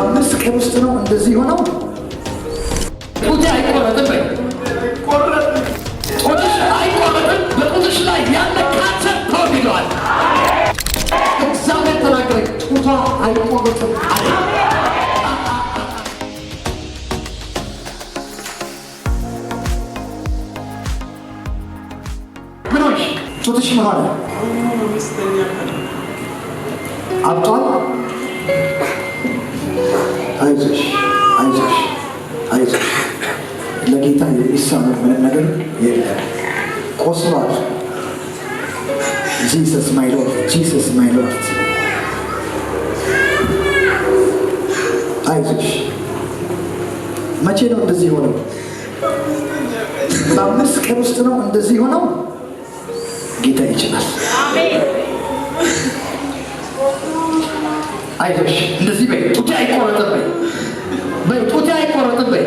አምስት ቀን ውስጥ ነው እንደዚህ ሆነው ጡትሽ ምን ሆነ? አብጧል? በጌታ የሚሳነው ምንም ነገር የለም። ቆስሏል። ጂሰስ ማይ ሎርድ፣ ጂሰስ ማይ ሎርድ። አይዞሽ። መቼ ነው እንደዚህ የሆነው? በአምስት ቀን ውስጥ ነው እንደዚህ የሆነው። ጌታ ይችላል። አይዞሽ። እንደዚህ በይ፣ ጡቴ አይቆረጥብኝ፣ በይ ጡቴ አይቆረጥብኝ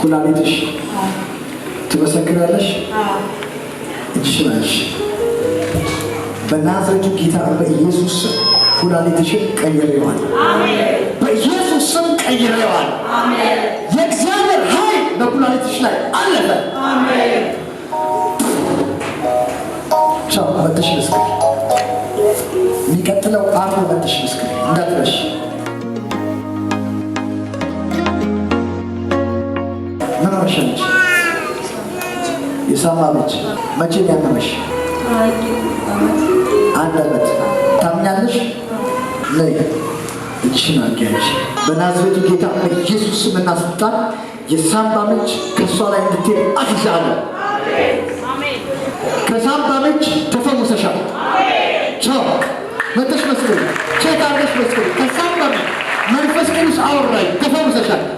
ኩላሊትሽ ትመሰክራለሽ። እጅሽናሽ በናዝሬቱ ጌታ በኢየሱስ ስም ኩላሊትሽን ቀይሬዋል። በኢየሱስ ስም ቀይሬዋል። የእግዚአብሔር ኃይል በኩላሊትሽ ላይ አለፈ። ቻው መጥሽ ምስክር የሚቀጥለው አርብ መጥሽ ምስክር እንዳትረሽ ታመመሸነች የሳማ ልጅ መቼ ያመመሽ? አንድ አመት። ታምኛለሽ? ነይ እጅሽን አድርጊያለሽ። በናዝሬቱ ጌታ በኢየሱስ ስምና ስልጣን የሳምባ ምች ከእሷ ላይ እንድትሄድ አዝዣለሁ። ከሳምባ ምች ተፈውሰሻል። ቻው መተሽ መስክሪ፣ ቼክ አድርገሽ መስክሪ። ከሳምባ መንፈስ ቅዱስ አወራኝ፣ ተፈውሰሻል።